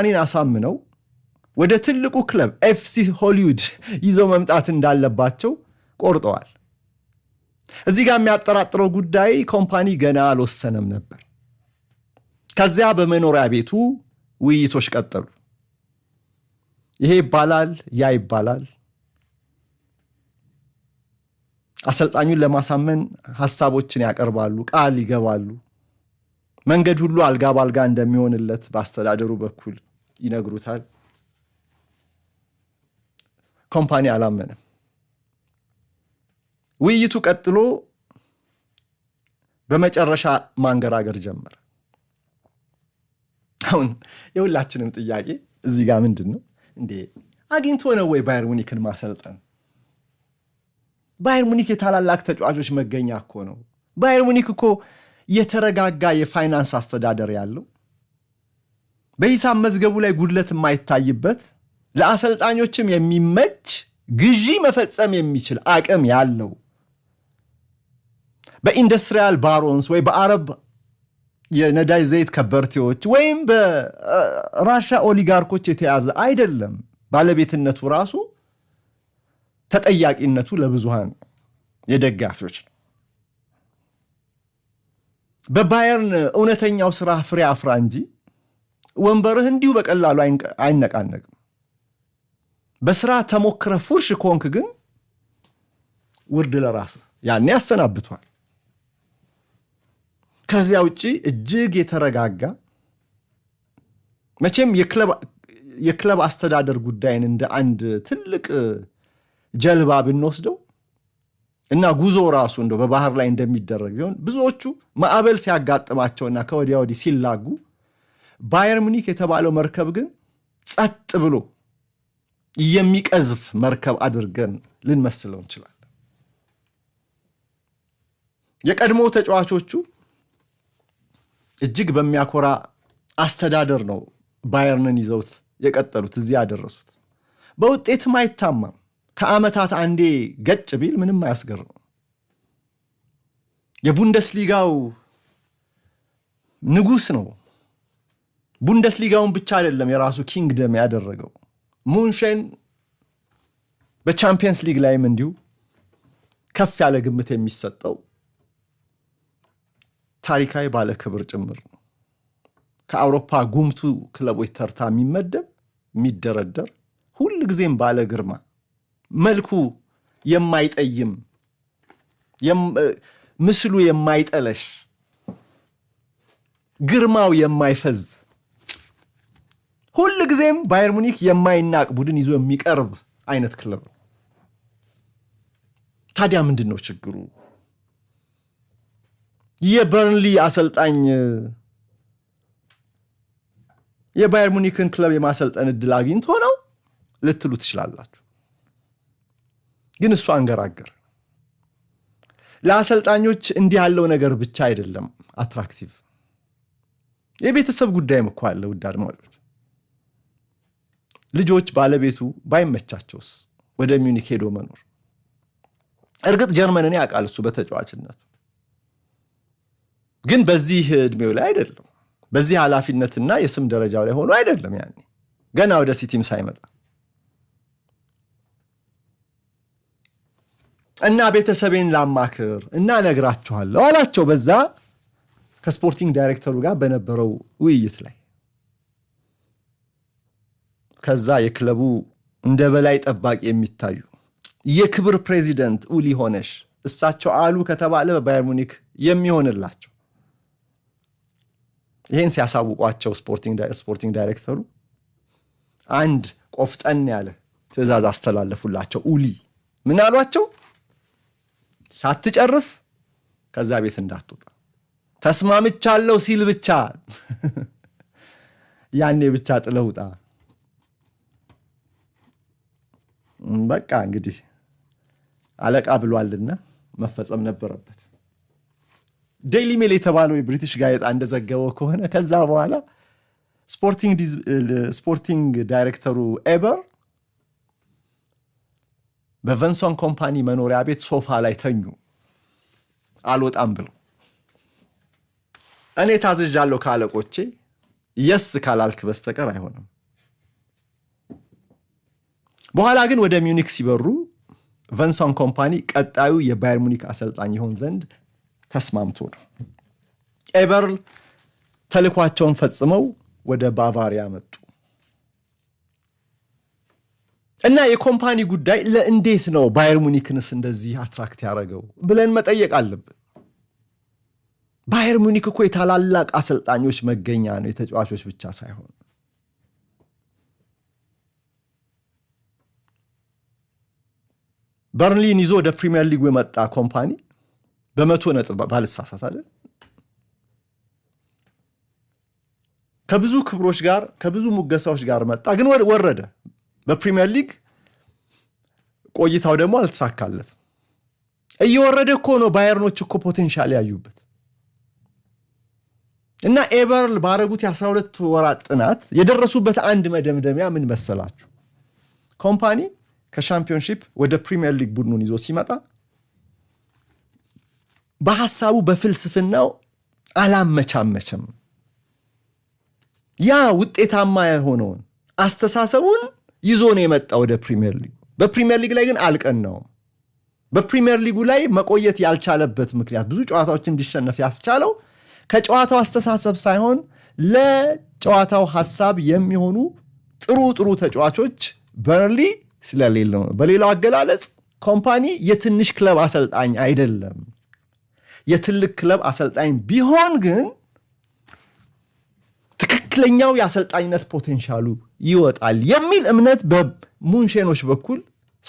እኔን አሳምነው ወደ ትልቁ ክለብ ኤፍሲ ሆሊውድ ይዘው መምጣት እንዳለባቸው ቆርጠዋል። እዚህ ጋር የሚያጠራጥረው ጉዳይ ኮምፓኒ ገና አልወሰነም ነበር። ከዚያ በመኖሪያ ቤቱ ውይይቶች ቀጠሉ። ይሄ ይባላል፣ ያ ይባላል። አሰልጣኙን ለማሳመን ሀሳቦችን ያቀርባሉ፣ ቃል ይገባሉ። መንገድ ሁሉ አልጋ ባልጋ እንደሚሆንለት በአስተዳደሩ በኩል ይነግሩታል። ኮምፓኒ አላመነም። ውይይቱ ቀጥሎ በመጨረሻ ማንገራገር ጀመረ። አሁን የሁላችንም ጥያቄ እዚህ ጋር ምንድን ነው እንዴ አግኝቶ ነው ወይ ባየር ሙኒክን ማሰልጠን? ባየር ሙኒክ የታላላቅ ተጫዋቾች መገኛ እኮ ነው። ባየር ሙኒክ እኮ የተረጋጋ የፋይናንስ አስተዳደር ያለው በሂሳብ መዝገቡ ላይ ጉድለት የማይታይበት ለአሰልጣኞችም የሚመች ግዢ መፈጸም የሚችል አቅም ያለው በኢንዱስትሪያል ባሮንስ ወይ በአረብ የነዳጅ ዘይት ከበርቴዎች ወይም በራሻ ኦሊጋርኮች የተያዘ አይደለም። ባለቤትነቱ ራሱ ተጠያቂነቱ ለብዙሃን የደጋፊዎች ነው። በባየርን እውነተኛው ስራ ፍሬ አፍራ እንጂ ወንበርህ እንዲሁ በቀላሉ አይነቃነቅም። በስራ ተሞክረ ፉርሽ ከሆንክ ግን ውርድ ለራስ ያኔ ያሰናብቷል። ከዚያ ውጪ እጅግ የተረጋጋ መቼም የክለብ አስተዳደር ጉዳይን እንደ አንድ ትልቅ ጀልባ ብንወስደው እና ጉዞ ራሱ እንደው በባህር ላይ እንደሚደረግ ቢሆን ብዙዎቹ ማዕበል ሲያጋጥማቸውና ከወዲያ ወዲህ ሲላጉ ባየር ሙኒክ የተባለው መርከብ ግን ጸጥ ብሎ የሚቀዝፍ መርከብ አድርገን ልንመስለው እንችላለን። የቀድሞ ተጫዋቾቹ እጅግ በሚያኮራ አስተዳደር ነው ባየርንን ይዘውት የቀጠሉት እዚህ ያደረሱት። በውጤትም አይታማም። ከዓመታት አንዴ ገጭ ቢል ምንም አያስገርም። የቡንደስሊጋው ንጉስ ነው ቡንደስሊጋውን ብቻ አይደለም የራሱ ኪንግደም ያደረገው ሙንሸን በቻምፒየንስ ሊግ ላይም እንዲሁ ከፍ ያለ ግምት የሚሰጠው ታሪካዊ ባለ ክብር ጭምር ነው። ከአውሮፓ ጉምቱ ክለቦች ተርታ የሚመደብ የሚደረደር ሁል ጊዜም ባለ ግርማ መልኩ የማይጠይም ምስሉ የማይጠለሽ ግርማው የማይፈዝ ሁል ጊዜም ባየር ሙኒክ የማይናቅ ቡድን ይዞ የሚቀርብ አይነት ክለብ ነው። ታዲያ ምንድን ነው ችግሩ? የበርንሊ አሰልጣኝ የባየር ሙኒክን ክለብ የማሰልጠን እድል አግኝቶ ነው ልትሉ ትችላላችሁ። ግን እሱ አንገራገር። ለአሰልጣኞች እንዲህ ያለው ነገር ብቻ አይደለም አትራክቲቭ፣ የቤተሰብ ጉዳይም እኮ አለ። ውድ አድማጮች ልጆች ባለቤቱ ባይመቻቸውስ ወደ ሚኒክ ሄዶ መኖር። እርግጥ ጀርመንን ያውቃል እሱ በተጫዋችነቱ፣ ግን በዚህ እድሜው ላይ አይደለም፣ በዚህ ኃላፊነትና የስም ደረጃው ላይ ሆኖ አይደለም። ያኔ ገና ወደ ሲቲም ሳይመጣ እና ቤተሰቤን ላማክር እና ነግራችኋለሁ አላቸው በዛ ከስፖርቲንግ ዳይሬክተሩ ጋር በነበረው ውይይት ላይ ከዛ የክለቡ እንደ በላይ ጠባቂ የሚታዩ የክብር ፕሬዚደንት ኡሊ ሆነሽ እሳቸው አሉ ከተባለ በባየር ሙኒክ የሚሆንላቸው ይህን ሲያሳውቋቸው ስፖርቲንግ ዳይሬክተሩ አንድ ቆፍጠን ያለ ትዕዛዝ አስተላለፉላቸው። ኡሊ ምን አሏቸው? ሳትጨርስ ከዛ ቤት እንዳትወጣ ተስማምቻለሁ ሲል ብቻ ያኔ ብቻ ጥለውጣ በቃ እንግዲህ አለቃ ብሏልና መፈጸም ነበረበት። ዴይሊ ሜል የተባለው የብሪቲሽ ጋዜጣ እንደዘገበው ከሆነ ከዛ በኋላ ስፖርቲንግ ዳይሬክተሩ ኤበር በቨንሶን ኮምፓኒ መኖሪያ ቤት ሶፋ ላይ ተኙ። አልወጣም ብሎ እኔ ታዝዣለሁ ከአለቆቼ የስ ካላልክ በስተቀር አይሆንም በኋላ ግን ወደ ሚኒክ ሲበሩ ቨንሰን ኮምፓኒ ቀጣዩ የባየር ሙኒክ አሰልጣኝ ይሆን ዘንድ ተስማምቶ ነው። ኤበርል ተልኳቸውን ፈጽመው ወደ ባቫሪያ መጡ እና የኮምፓኒ ጉዳይ ለእንዴት ነው ባየር ሙኒክንስ እንደዚህ አትራክት ያደረገው ብለን መጠየቅ አለብን። ባየር ሙኒክ እኮ የታላላቅ አሰልጣኞች መገኛ ነው፣ የተጫዋቾች ብቻ ሳይሆን በርንሊን ይዞ ወደ ፕሪሚየር ሊጉ የመጣ ኮምፓኒ በመቶ ነጥብ ባልሳሳት አይደል ከብዙ ክብሮች ጋር ከብዙ ሙገሳዎች ጋር መጣ፣ ግን ወረደ። በፕሪሚየር ሊግ ቆይታው ደግሞ አልተሳካለት። እየወረደ እኮ ነው። ባየርኖች እኮ ፖቴንሻል ያዩበት እና ኤበርል ባረጉት የአስራ ሁለት ወራት ጥናት የደረሱበት አንድ መደምደሚያ ምን መሰላችሁ? ኮምፓኒ ከሻምፒዮንሺፕ ወደ ፕሪሚየር ሊግ ቡድኑን ይዞ ሲመጣ በሀሳቡ በፍልስፍናው አላመቻመችም። ያ ውጤታማ የሆነውን አስተሳሰቡን ይዞ ነው የመጣ ወደ ፕሪሚየር ሊግ በፕሪሚየር ሊግ ላይ ግን አልቀን ነው። በፕሪሚየር ሊጉ ላይ መቆየት ያልቻለበት ምክንያት ብዙ ጨዋታዎች እንዲሸነፍ ያስቻለው ከጨዋታው አስተሳሰብ ሳይሆን ለጨዋታው ሀሳብ የሚሆኑ ጥሩ ጥሩ ተጫዋቾች በርንሊ ስለሌለው ነው። በሌላው አገላለጽ ኮምፓኒ የትንሽ ክለብ አሰልጣኝ አይደለም። የትልቅ ክለብ አሰልጣኝ ቢሆን ግን ትክክለኛው የአሰልጣኝነት ፖቴንሻሉ ይወጣል የሚል እምነት በሙንሼኖች በኩል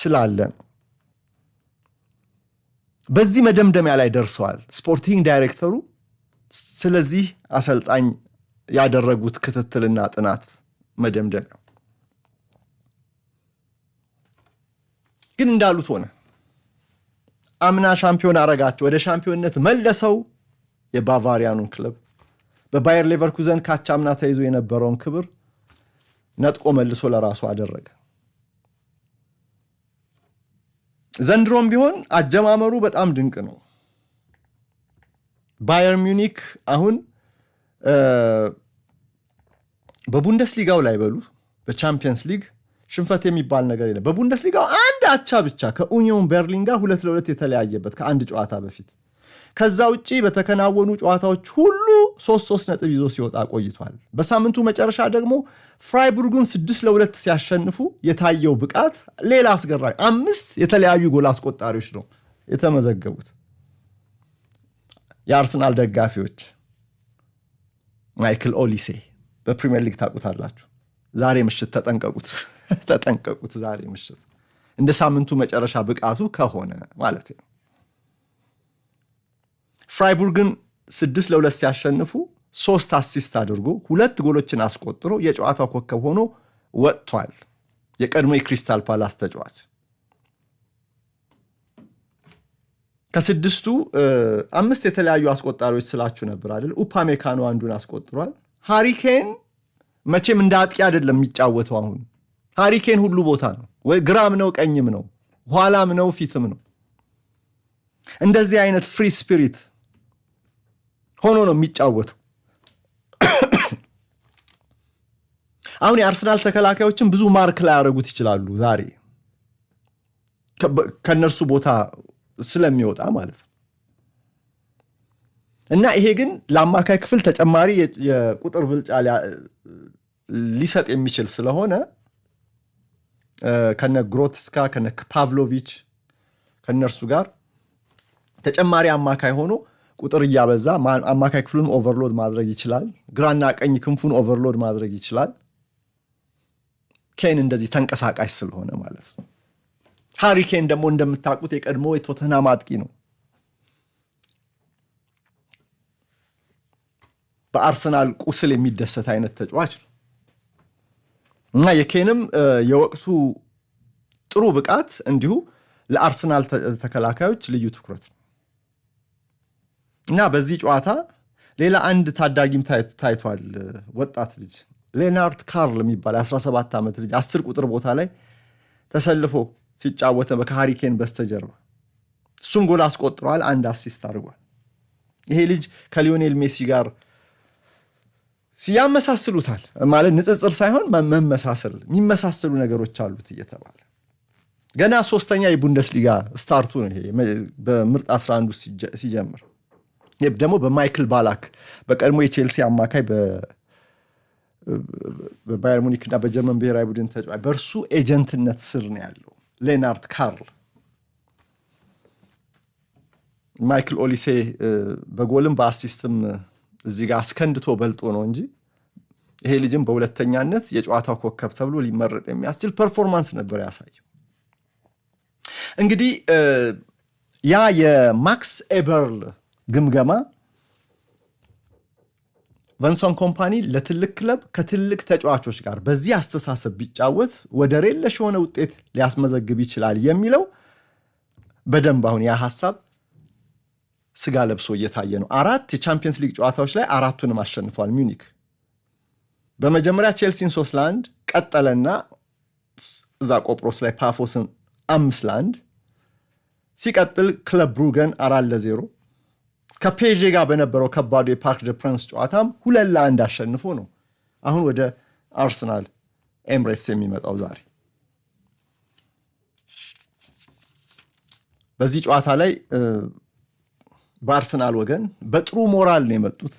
ስላለ ነው። በዚህ መደምደሚያ ላይ ደርሰዋል ስፖርቲንግ ዳይሬክተሩ። ስለዚህ አሰልጣኝ ያደረጉት ክትትልና ጥናት መደምደሚያው ግን እንዳሉት ሆነ። አምና ሻምፒዮን አረጋቸው፣ ወደ ሻምፒዮንነት መለሰው። የባቫሪያኑን ክለብ በባየር ሌቨርኩዘን አምና ተይዞ የነበረውን ክብር ነጥቆ መልሶ ለራሱ አደረገ። ዘንድሮም ቢሆን አጀማመሩ በጣም ድንቅ ነው። ባየር ሚዩኒክ አሁን በቡንደስሊጋው ላይ በሉ፣ በቻምፒየንስ ሊግ ሽንፈት የሚባል ነገር የለም። በቡንደስሊጋው አቻ ብቻ ከኡኒዮን በርሊን ጋር ሁለት ለሁለት የተለያየበት ከአንድ ጨዋታ በፊት ከዛ ውጪ በተከናወኑ ጨዋታዎች ሁሉ ሶስት ሶስት ነጥብ ይዞ ሲወጣ ቆይቷል። በሳምንቱ መጨረሻ ደግሞ ፍራይቡርጉን ስድስት ለሁለት ሲያሸንፉ የታየው ብቃት ሌላ አስገራሚ። አምስት የተለያዩ ጎል አስቆጣሪዎች ነው የተመዘገቡት። የአርሰናል ደጋፊዎች ማይክል ኦሊሴ በፕሪምየር ሊግ ታውቁታላችሁ። ዛሬ ምሽት ተጠንቀቁት፣ ተጠንቀቁት ዛሬ ምሽት እንደ ሳምንቱ መጨረሻ ብቃቱ ከሆነ ማለት ነው። ፍራይቡርግን ስድስት ለሁለት ሲያሸንፉ ሶስት አሲስት አድርጎ ሁለት ጎሎችን አስቆጥሮ የጨዋታው ኮከብ ሆኖ ወጥቷል። የቀድሞ የክሪስታል ፓላስ ተጫዋች ከስድስቱ አምስት የተለያዩ አስቆጣሪዎች ስላችሁ ነበር አይደል? ኡፓሜካኖ አንዱን አስቆጥሯል። ሃሪኬን መቼም እንደ አጥቂ አይደለም የሚጫወተው። አሁን ሃሪኬን ሁሉ ቦታ ነው። ወይ ግራም ነው ቀኝም ነው ኋላም ነው ፊትም ነው። እንደዚህ አይነት ፍሪ ስፒሪት ሆኖ ነው የሚጫወተው። አሁን የአርሰናል ተከላካዮችን ብዙ ማርክ ላይ ያደረጉት ይችላሉ ዛሬ ከእነርሱ ቦታ ስለሚወጣ ማለት ነው። እና ይሄ ግን ለአማካይ ክፍል ተጨማሪ የቁጥር ብልጫ ሊሰጥ የሚችል ስለሆነ ከነ ግሮትስካ ከነ ፓቭሎቪች ከእነርሱ ጋር ተጨማሪ አማካይ ሆኖ ቁጥር እያበዛ አማካይ ክፍሉን ኦቨርሎድ ማድረግ ይችላል። ግራና ቀኝ ክንፉን ኦቨርሎድ ማድረግ ይችላል። ኬን እንደዚህ ተንቀሳቃሽ ስለሆነ ማለት ነው። ሃሪ ኬን ደግሞ እንደምታቁት የቀድሞ የቶተና ማጥቂ ነው። በአርሰናል ቁስል የሚደሰት አይነት ተጫዋች ነው። እና የኬንም የወቅቱ ጥሩ ብቃት እንዲሁ ለአርሰናል ተከላካዮች ልዩ ትኩረት ነው እና በዚህ ጨዋታ ሌላ አንድ ታዳጊም ታይቷል። ወጣት ልጅ ሌናርድ ካርል የሚባል 17 ዓመት ልጅ አስር ቁጥር ቦታ ላይ ተሰልፎ ሲጫወተ ከሃሪኬን በስተጀርባ እሱም ጎል አስቆጥረዋል። አንድ አሲስት አድርጓል። ይሄ ልጅ ከሊዮኔል ሜሲ ጋር ያመሳስሉታል ማለት ንጽጽር ሳይሆን መመሳሰል የሚመሳሰሉ ነገሮች አሉት እየተባለ ገና ሶስተኛ የቡንደስሊጋ ስታርቱ ነው ይሄ በምርጥ 11 ሲጀምር ደግሞ በማይክል ባላክ በቀድሞ የቼልሲ አማካይ በባየር ሙኒክ እና በጀርመን ብሔራዊ ቡድን ተጫዋች በእርሱ ኤጀንትነት ስር ነው ያለው ሌናርድ ካርል ማይክል ኦሊሴ በጎልም በአሲስትም እዚህ ጋር አስከንድቶ በልጦ ነው እንጂ ይሄ ልጅም በሁለተኛነት የጨዋታው ኮከብ ተብሎ ሊመረጥ የሚያስችል ፐርፎርማንስ ነበር ያሳየው። እንግዲህ ያ የማክስ ኤበርል ግምገማ ቨንሰን ኮምፓኒ ለትልቅ ክለብ ከትልቅ ተጫዋቾች ጋር በዚህ አስተሳሰብ ቢጫወት ወደር የለሽ የሆነ ውጤት ሊያስመዘግብ ይችላል የሚለው በደንብ አሁን ያ ሀሳብ ስጋ ለብሶ እየታየ ነው። አራት የቻምፒየንስ ሊግ ጨዋታዎች ላይ አራቱንም አሸንፏል ሚኒክ በመጀመሪያ ቼልሲን ሶስት ለአንድ ቀጠለና እዛ ቆጵሮስ ላይ ፓፎስን አምስት ለአንድ ሲቀጥል ክለብ ብሩገን አራት ለዜሮ ከፔዤ ጋር በነበረው ከባዱ የፓርክ ደ ፕረንስ ጨዋታም ሁለት ለአንድ አሸንፎ ነው አሁን ወደ አርሰናል ኤምሬትስ የሚመጣው ዛሬ በዚህ ጨዋታ ላይ በአርሰናል ወገን በጥሩ ሞራል ነው የመጡት።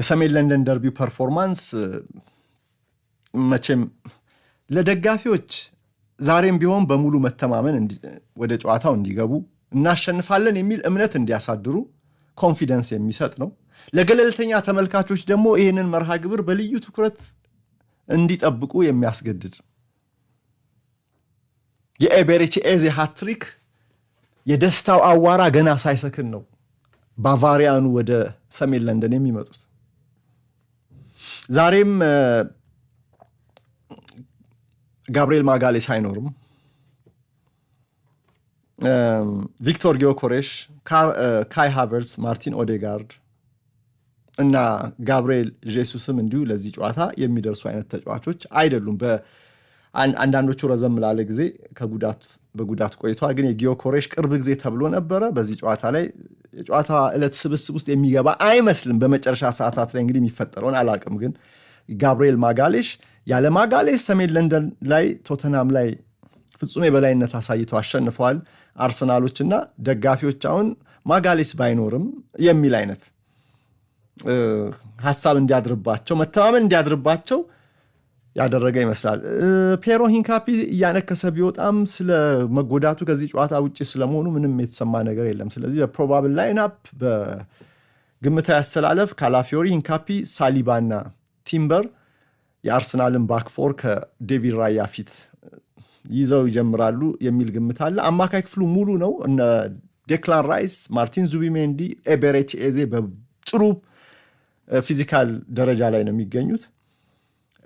የሰሜን ለንደን ደርቢው ፐርፎርማንስ መቼም ለደጋፊዎች ዛሬም ቢሆን በሙሉ መተማመን ወደ ጨዋታው እንዲገቡ እናሸንፋለን የሚል እምነት እንዲያሳድሩ ኮንፊደንስ የሚሰጥ ነው። ለገለልተኛ ተመልካቾች ደግሞ ይህንን መርሃ ግብር በልዩ ትኩረት እንዲጠብቁ የሚያስገድድ የኤቤሬቺ ኤዜ ሃትሪክ የደስታው አዋራ ገና ሳይሰክን ነው ባቫሪያኑ ወደ ሰሜን ለንደን የሚመጡት። ዛሬም ጋብርኤል ማጋሌስ አይኖርም። ቪክቶር ጊዮኮሬሽ፣ ካይ ሃቨርስ፣ ማርቲን ኦዴጋርድ እና ጋብርኤል ጄሱስም እንዲሁ ለዚህ ጨዋታ የሚደርሱ አይነት ተጫዋቾች አይደሉም። አንዳንዶቹ ረዘም ላለ ጊዜ በጉዳት ቆይተዋል። ግን የጊዮ ኮሬሽ ቅርብ ጊዜ ተብሎ ነበረ። በዚህ ጨዋታ ላይ የጨዋታ ዕለት ስብስብ ውስጥ የሚገባ አይመስልም። በመጨረሻ ሰዓታት ላይ እንግዲህ የሚፈጠረውን አላቅም። ግን ጋብርኤል ማጋሌሽ ያለ ማጋሌሽ ሰሜን ለንደን ላይ ቶተናም ላይ ፍጹም የበላይነት አሳይተው አሸንፈዋል አርሰናሎችና ደጋፊዎች አሁን ማጋሌስ ባይኖርም የሚል አይነት ሀሳብ እንዲያድርባቸው መተማመን እንዲያድርባቸው ያደረገ ይመስላል። ፔሮ ሂንካፒ እያነከሰ ቢወጣም ስለ መጎዳቱ ከዚህ ጨዋታ ውጭ ስለመሆኑ ምንም የተሰማ ነገር የለም። ስለዚህ በፕሮባብል ላይንፕ በግምታ ያሰላለፍ ካላፊዮሪ፣ ሂንካፒ፣ ሳሊባና ቲምበር የአርሰናልን ባክፎር ከዴቪድ ራያ ፊት ይዘው ይጀምራሉ የሚል ግምት አለ። አማካይ ክፍሉ ሙሉ ነው። እነ ዴክላን ራይስ፣ ማርቲን ዙቢሜንዲ፣ ኤቤሬች ኤዜ በጥሩ ፊዚካል ደረጃ ላይ ነው የሚገኙት።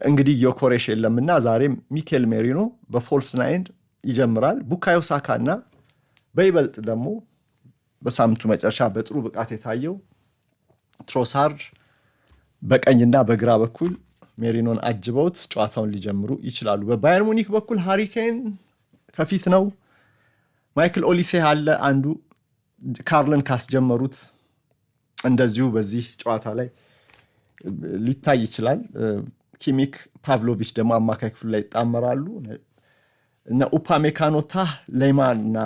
እንግዲህ ዮኮሬሽ የለምና ዛሬም ሚኬል ሜሪኖ በፎልስ ናይን ይጀምራል። ቡካዮ እና በይበልጥ ደግሞ በሳምንቱ መጨረሻ በጥሩ ብቃት የታየው ትሮሳርድ በቀኝና በግራ በኩል ሜሪኖን አጅበውት ጨዋታውን ሊጀምሩ ይችላሉ። በባየር ሙኒክ በኩል ሃሪኬን ከፊት ነው። ማይክል ኦሊሴ አለ አንዱ ካርልን ካስጀመሩት እንደዚሁ በዚህ ጨዋታ ላይ ሊታይ ይችላል። ኪሚክ ፓቭሎቪች ደግሞ አማካይ ክፍሉ ላይ ይጣመራሉ። ኡፓ ሜካኖታ ሌማ ሌማና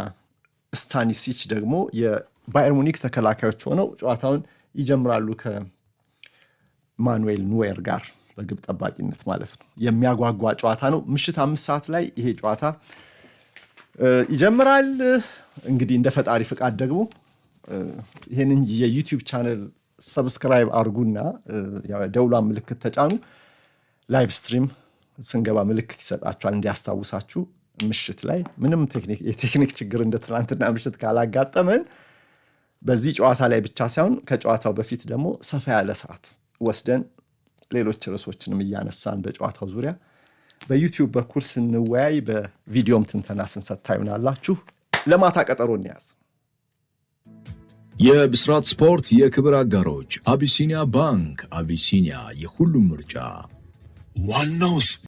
ስታኒሲች ደግሞ የባየር ሙኒክ ተከላካዮች ሆነው ጨዋታውን ይጀምራሉ ከማኑኤል ኑዌር ጋር በግብ ጠባቂነት ማለት ነው። የሚያጓጓ ጨዋታ ነው። ምሽት አምስት ሰዓት ላይ ይሄ ጨዋታ ይጀምራል። እንግዲህ እንደ ፈጣሪ ፍቃድ ደግሞ ይህንን የዩቲዩብ ቻነል ሰብስክራይብ አርጉና ደውሏን ምልክት ተጫኑ። ላይቭ ስትሪም ስንገባ ምልክት ይሰጣችኋል እንዲያስታውሳችሁ። ምሽት ላይ ምንም የቴክኒክ ችግር እንደ ትናንትና ምሽት ካላጋጠመን በዚህ ጨዋታ ላይ ብቻ ሳይሆን ከጨዋታው በፊት ደግሞ ሰፋ ያለ ሰዓት ወስደን ሌሎች ርዕሶችንም እያነሳን በጨዋታው ዙሪያ በዩቲዩብ በኩል ስንወያይ በቪዲዮም ትንተና ስንሰታ ይሆናላችሁ ለማታ ቀጠሮ እንያዝ። የብስራት ስፖርት የክብር አጋሮች አቢሲኒያ ባንክ። አቢሲኒያ የሁሉም ምርጫ One knows